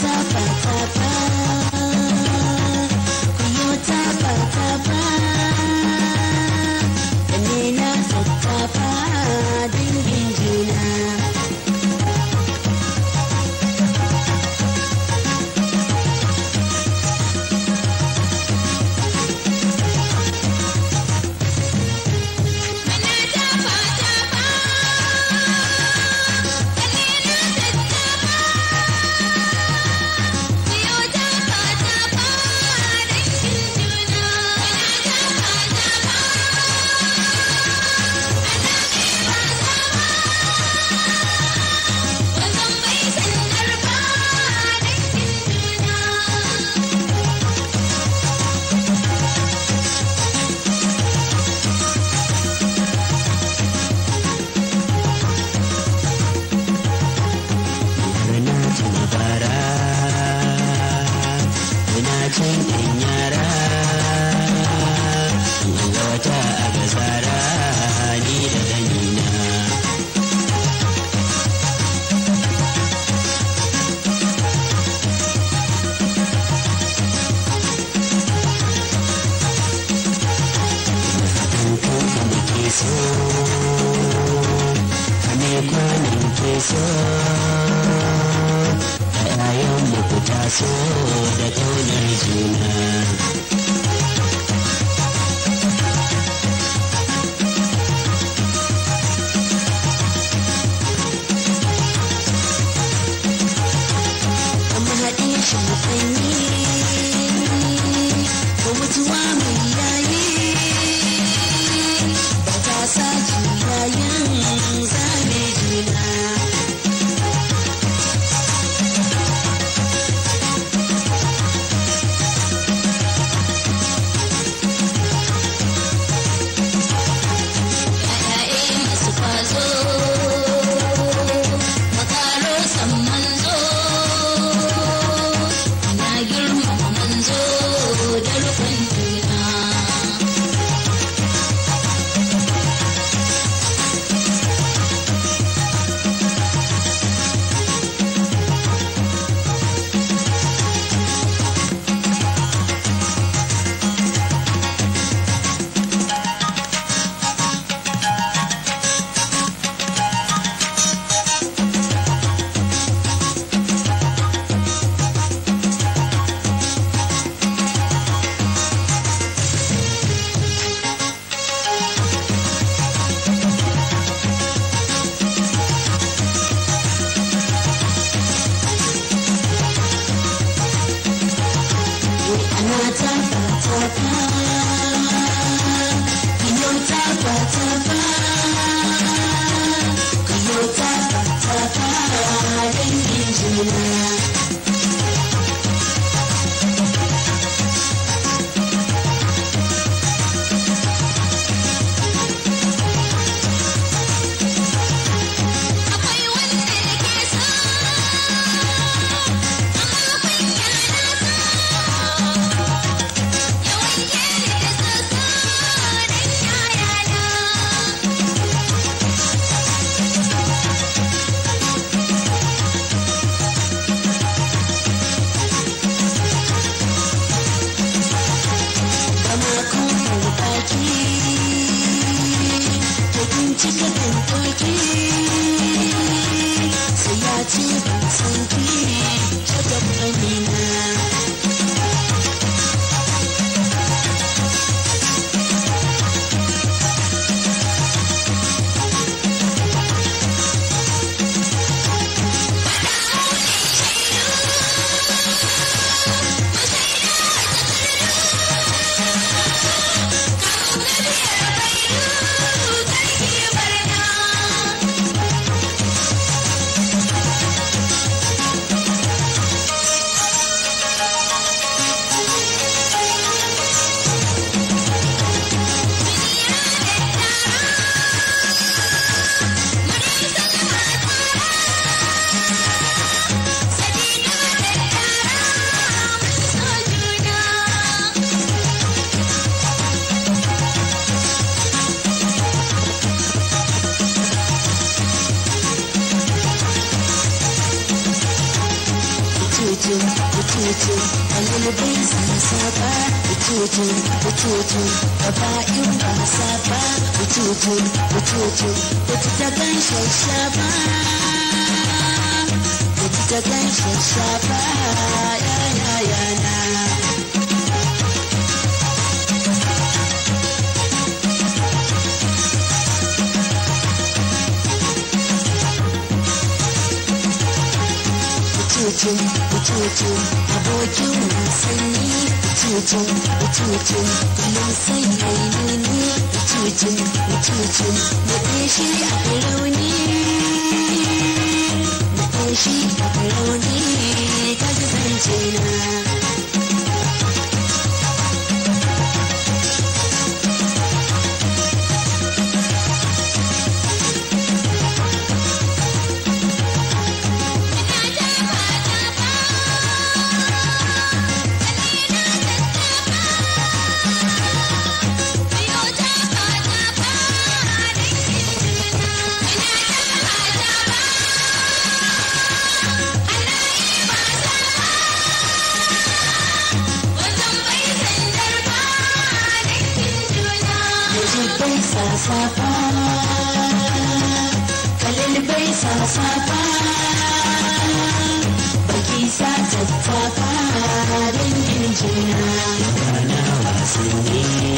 what's up. Thank you. so da kaunar juna cikin ɗauki sai ya ce Ututu, ututu, halil bai sasa ba Ututu, ututu, gaba in ba sa ba ba Da ta ba ya ya ya na Thank you. cuce abokin wasanni cuce cuce na san yayi nuni cuce cuce na ɗashi a farauni na ɗashi a na bai sassafa kalil bai sassafa baki sa tattafa rin injina na wasanni